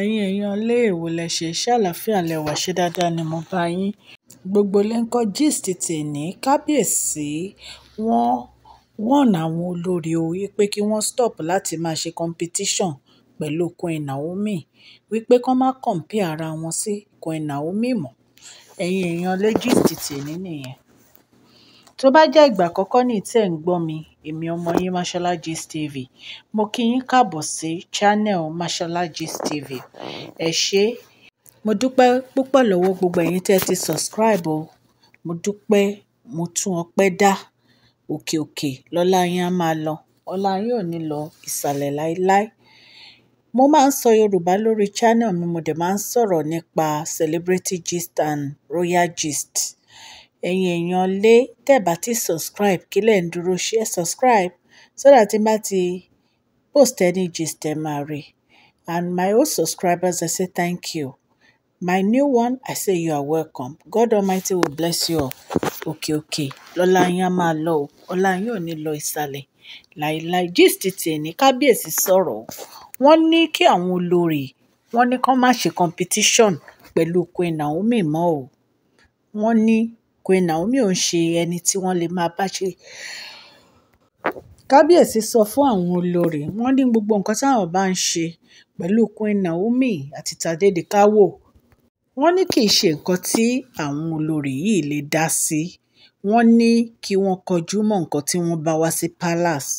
Ẹ̀yin èèyàn ilé èwo lẹ ṣe, ṣé àlàáfíà lẹ wà? Ṣé dáadáa ni mo bá yín? Gbogbo ilé ń kọ́ gist tèní. Kábíyèsí wọ́n warn àwọn olórí o wípé kí wọ́n stop láti máa ṣe competition pẹ̀lú Queen Naomi. Wípé kí wọ́n má compare ara wọn sí Queen Naomi mọ́. Ẹ̀yin èèyàn ilé gist tèní nìyẹn. Tó bá jẹ́ ìgbà àkọ́kọ́ ni tí ẹ̀ ń gbọ́ mi, èmi ọmọ yín Mashola Gist TV mo kí yín káàbọ̀ sí channel Mashola Gist TV ẹ ṣé mo dúpẹ́ púpọ̀ lọ́wọ́ gbogbo ẹ̀yin tẹ́ ti subscribe o mo dúpẹ́ mo tún ọpẹ́ dá òkè òkè lọ́lá yín á máa lọ ọlá yín ò ní lọ ìsàlẹ̀ láéláé mo máa ń sọ Yorùbá lórí channel mi mo dẹ̀ máa ń sọ̀rọ̀ nípa celebrity gist and royal gist Ẹ̀yin èèyàn lé, tẹ bá ti subscribe, kí lẹ̀ ń dúró ṣe? subscribe so that tí bá ti post any gist ẹ máa rí. And my old subscribers, I say thank you. My new one, I say you are welcome. God Almighty will bless you Okay, okay. Lọ́lá yín a máa lọ o. Ọlá yín ò ní lọ ìsàlẹ̀. Láíláí gist ti ẹni Kábíyèsí sọ̀rọ̀ o. Wọ́n ní kí àwọn olórí, wọ́n ní kí má ṣe competition pẹ̀lú Queen Naomi mọ́ o. Wọ́n ní Queen Naomi ò ń ṣe ẹni tí wọ́n lè máa bá ṣe. Kábíyèsí sọ fún àwọn olórí, wọ́n ní gbogbo nǹkan táwọn bá ń ṣe pẹ̀lú Queen Naomi àti Tadedekawo, wọ́n ní kì í ṣe nǹkan tí àwọn olórí yìí lè dá sí. Wọ́n ní kí wọ́n kọjú mọ́ nǹkan tí wọ́n bá wá sí palace.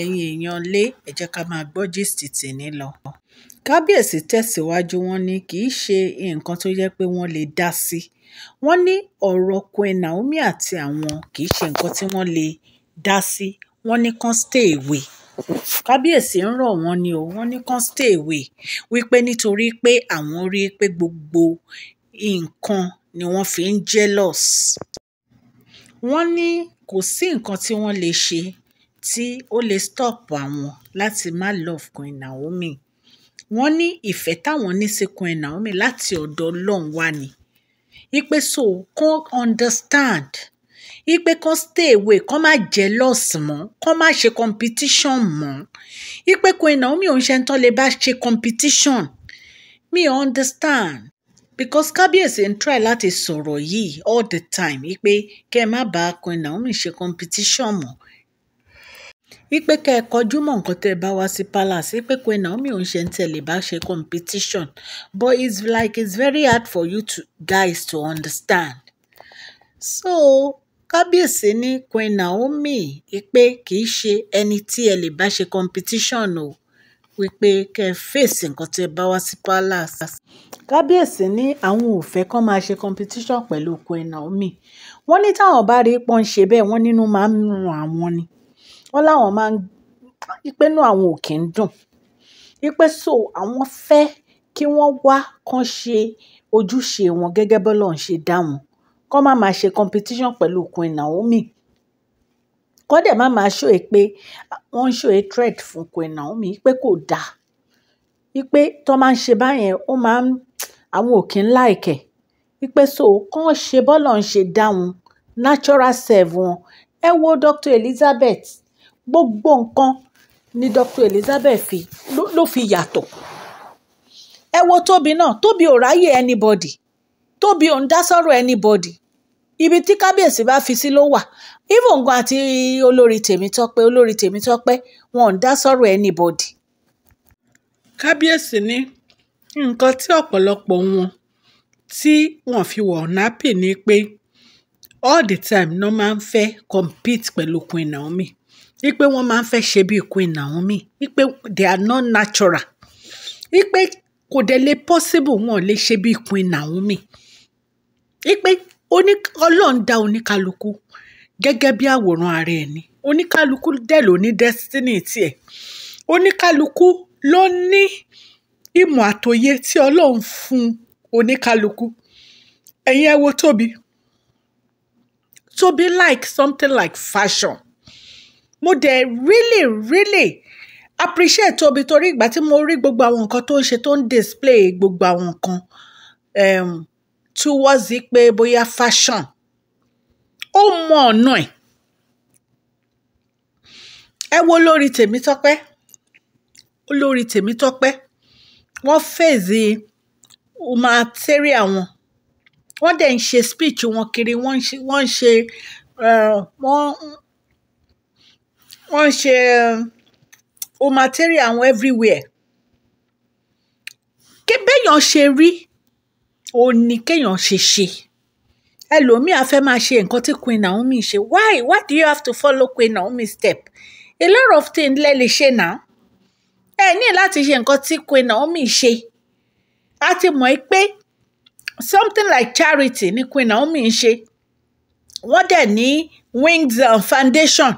Ẹ̀yin èèyàn ilé, ẹ jẹ́ ká máa gbọ́ gist tìní lọ kábíyèsí tẹ̀síwájú wọn ni kì í ṣe nǹkan tó yẹ pé wọ́n lè dá sí wọ́n ní ọ̀rọ̀ queen naomi àti àwọn kì í ṣe nǹkan tí wọ́n lè dá sí wọ́n ní kán stay away kábíyèsí ń rọ̀ wọ́n ni o wọ́n ní kán stay away wípé nítorí pé àwọn rí i pé gbogbo nǹkan ni wọ́n fi ń jealous wọ́n ní kò sí nǹkan tí wọ́n lè ṣe tí ó lè stop àwọn láti má love queen naomi wọ́n ní ìfẹ́ táwọn ní sí Queen Naomi láti ọ̀dọ̀ Ọlọ́run wá ni ipe so kan understand ipe kan stay away kan má jealous mọ́ kan má ṣe competition mọ́ ipe Queen Naomi òun ṣe ń tán lè bá ṣe competition me understand because kábíyèsí ń try láti sọ̀rọ̀ yìí all the time ipe kẹ́ ẹ má bá Queen Naomi ṣe competition mọ́ wípé kẹ́ ẹ kọjú mọ́ nǹkan tẹ́ ẹ bá wá sí palace wípé Queen Naomi ò ṣe ń tẹ̀lé bá ṣe competition but it's like it's very hard for you to, guys to understand. so kábíyèsí ní Queen Naomi pé kì í ṣe ẹni tí ẹ lè bá ṣe competition o wípé kẹ́ ẹ fèsì nǹkan tẹ́ ẹ bá wá sí palace. kábíyèsí ní àwọn ò fẹ́ máa ṣe competition pẹ̀lú Queen Naomi wọ́n ní táwọn bá rí pọ́n ṣe bẹ́ẹ̀ wọ́n nínú máa ń rún àwọn ni wọ́n láwọn máa ń wípé inú àwọn ò ń dùn wípé so àwọn fẹ́ kí wọ́n wá kán ṣe ojúṣe wọn gẹ́gẹ́ bí Ọlọ́run ṣe dá wọn kán má máa ṣe competition pẹ̀lú Queen Naomi kán dẹ̀ má máa ṣòye pé wọ́n ń ṣòye threat fún Queen Naomi wípé kò dáa wípé tán máa ń ṣe báyẹn ó máa ń àwọn ò ń láìkẹ̀ wípé so kán ṣe bọ́lọ̀ ń ṣe dá wọn natural self wọn ẹ wo Dr. Elizabeth gbogbo nǹkan ni Dr. Elizabeth fi ló, ló fi yàtọ̀ ẹ wo Tóbi náà Tóbi ò ráyè anybody Tóbi ò ń dá sọ̀rọ̀ anybody ibi tí kábíyèsí bá fi sí ló wà ìvòǹgàn àti olórí Tèmítọ́pẹ́ olórí Tèmítọ́pẹ́ wọn ò dá sọ̀rọ̀ anybody. kábíyèsí ní nǹkan tí ọ̀pọ̀lọpọ̀ wọn tí wọ́n fi wọ̀ nápì ni pé all the time ló máa ń fẹ́ compete pẹ̀lú Queen Naomi wípé wọ́n máa ń fẹ́ ṣe bíi Queen Naomi wípé they are not natural wípé kò dẹ̀ lè possible wọn lè ṣe bíi Queen Naomi wípé ọlọ́run dá oníkálukú gẹ́gẹ́ bí àwòrán ara ẹ̀ ni oníkálukú dẹ̀ ló ní destiny tiẹ̀ oníkálukú ló ní ìmọ̀ àtòye tí ọlọ́run fún oníkálukú ẹ̀yin ẹ wo Tóbi Tóbi like something like fashion mo dẹ̀ really really appreciate Tóbi torí ìgbà tí mo rí gbogbo àwọn nǹkan tó ń ṣe tó ń display gbogbo àwọn nǹkan um, towards pé bóyá fashion ó mọ ọ̀nà ẹ̀ ẹ wo lórí Tèmítọ́pẹ́ olórí Tèmítọ́pẹ́ wọ́n fèsì humanitarian wọn wọ́n dẹ̀ ń ṣe speech wọn kiri wọ́n ń ṣe wọ́n ń ṣe uh, wọ́n wọ́n ń ṣe o material wọn everywhere kéèyàn ṣe rí o ní kéèyàn ṣe ṣe ẹlòmíà fẹ́ máa ṣe nǹkan tí Queen Naomi ṣe why why do you have to follow Queen Naomi step a lot of things lẹ́ lè ṣe náà ẹ ní láti ṣe nǹkan tí Queen Naomi ṣe a ti mọ̀ ẹ́ pé something like charity ni Queen Naomi ń ṣe wọ́n dẹ̀ ní Wings Foundation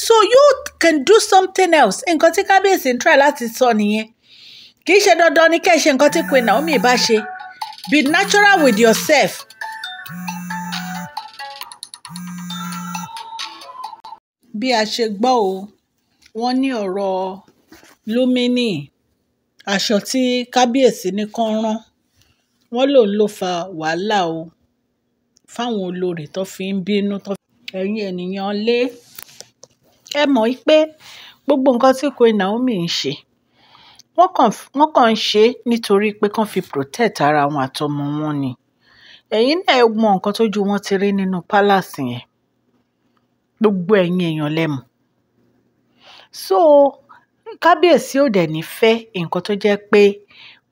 so you can do something else nǹkan tí kábíyèsí ń try láti sọ nìyẹn kì í ṣe dandan ni kẹ́ ẹ ṣe nǹkan tí Queen Naomi bá ṣe be natural with yourself. bí a ṣe gbọ́ o wọ́n ní ọ̀rọ̀ Lumini aṣọ tí kábíyèsí ní kán rán wọ́n lòun ló fa wàhálà o fáwọn olórí tó fi ń bínú tó ẹ̀yin ènìyàn lé. ẹ mọ̀ pé gbogbo nǹkan tí Queen Naomi ń ṣe wọ́n kàn ń ṣe é nítorí pé kán fi protect ara wọn àtọmọ wọn ni ẹ̀yin náà ẹ mọ nǹkan tójú wọn ti rí nínú palace yẹn gbogbo ẹ̀yin èèyàn lẹ́mu so kábíyèsí ò dẹ̀ ní fẹ́ nǹkan tó jẹ́ pé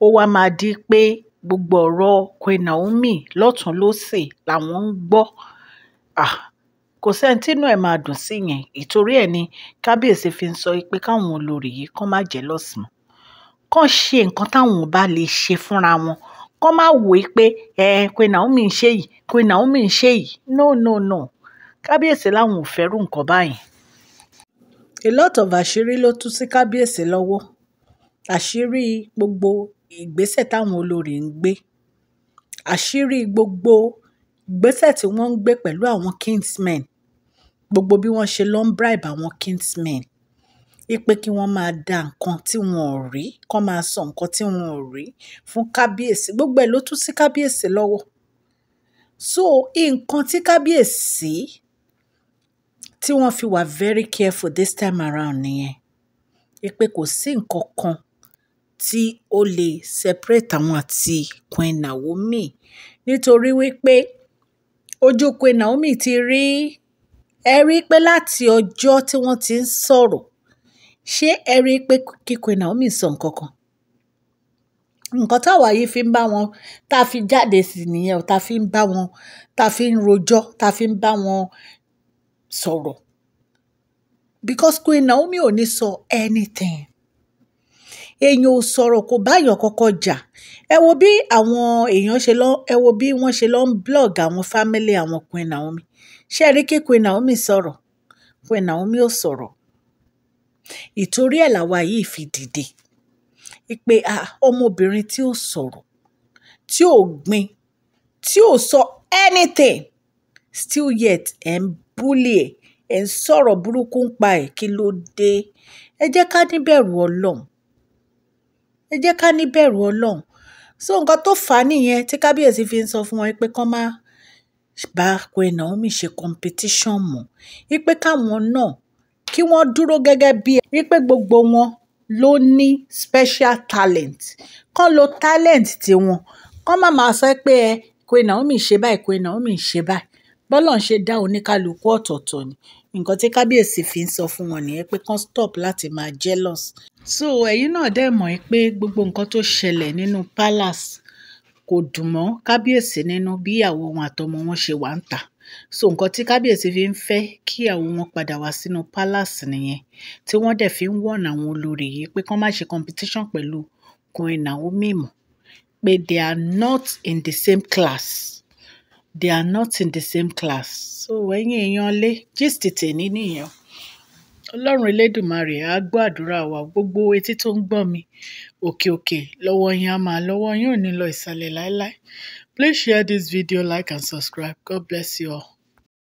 ó wá máa di pé gbogbo ọ̀rọ̀ Queen Naomi lọ́tún lọ́sẹ̀ làwọn ń gbọ́ ah kò sẹ́ni tínú ẹ̀ máa dùn sí yẹn ìtorí ẹ̀ ni kábíyèsí fi ń sọ pé káwọn olórí yìí kán má jẹ́ lọ́sàn-án kán ṣe nǹkan táwọn bá lè ṣe fúnra wọn kán má wò ó pé ẹ pé Naomi ń ṣe yìí pé Naomi ń ṣe yìí no no no kábíyèsí làwọn ò fẹ́rù nǹkan báyìí. a lot of àṣírí ló tú sí kábíyèsí lọ́wọ́ àṣírí gbogbo ìgbésẹ̀ táwọn olórí ń gbé àṣírí gbogbo ìgbésẹ̀ tí wọ́n ń gbé pẹ̀lú àwọn kinsmen gbogbo bí wọ́n ṣe lọ bribe àwọn kinsmen ipe kí wọ́n máa da nǹkan tí wọn ò rí kọ́ máa sọ nǹkan tí wọn ò rí fún kábíyèsí gbogbo ẹ̀ ló tún sí kábíyèsí lọ́wọ́ so nǹkan tí kábíyèsí tí wọ́n fi wà very careful this time around nìyẹn ipe kò sí nǹkan kan tí ó lè separate àwọn àti Queen Naomi nítorí wípé ojúkwe naomi ti rí ẹ rí i pé láti ọjọ́ tí wọ́n ti ń sọ̀rọ̀ ṣé ẹ rí i pé kíkwe naomi sọ nǹkan kan nǹkan táwa yìí fi ń bá wọn tá a fi jáde sí nìyẹn tá a fi ń bá wọn tá a fi ń rojọ́ tá a fi ń bá wọn sọ̀rọ̀ because queen naomi ò ní sọ anything èèyàn ò sọ̀rọ̀ kò báyọ̀ kọ́kọ́ jà ẹ wo bí àwọn èèyàn ṣe lọ ẹ wo bí wọ́n ṣe lọ ń blog àwọn family àwọn Queen Naomi ṣé ẹ rí kí Queen Naomi sọ̀rọ̀ Queen Naomi ò sọ̀rọ̀ ìtorí ẹ̀ làwa yìí fi dìde ìpè ọmọbìnrin tí ò sọ̀rọ̀ tí ò gbin tí ò sọ anything still yet ẹ̀ ń búlì ẹ̀ ẹ̀ ń sọ̀rọ̀ burúkú ń pa ẹ̀ kí ló dé ẹ jẹ́ ká níbẹ̀rù ọlọ́run ẹ jẹ́ ká níbẹ̀rù ọlọ́run so nǹkan tó fà á nìyẹn tí kábíyèsí fi ń sọ fún wọn pé kán má bá Queen Naomi ṣe competition mọ́ wípé káwọn náà kí wọ́n dúró gẹ́gẹ́ bí ẹ wípé gbogbo wọn ló ní special talent kán lo talent tiwọn kán má máa sọ pé ẹ Queen Naomi ṣe báyìí Queen Naomi ṣe báyìí bọ́lọ̀ ń ṣe dá oníkálukú ọ̀tọ̀ọ̀tọ̀ ni nǹkan tí kábíyèsí fi ń sọ fún wọn nìyẹn pé kán stop láti máa jealous so ẹ̀yin náà dẹ̀ mọ̀ pé gbogbo nǹkan tó ṣẹlẹ̀ nínú palace kò dùn mọ́ kábíyèsí nínú bí ìyàwó wọn àtọmọ wọn ṣe wà ń ta so nǹkan tí kábíyèsí fi ń fẹ́ kí ìyàwó wọn padà wá sínú palace nìyẹn tí wọ́n dẹ̀ fi ń wọ̀n àwọn olórí yìí pé kán má ṣe competition pẹ̀lú Queen Naomi mọ́ pé they are not in the same class they are not in the same class so ẹ̀yin èèyàn lé gist tèmi nìyẹn ọlọ́run elédùmarè àá gbọ́ àdúrà wa gbogbo etí tó ń gbọ́ mi òkè òkè lọ́wọ́ yín á máa lọ́wọ́ yín ò ní lọ ìsàlẹ̀ láéláé please share this video like and subscribe god bless you all.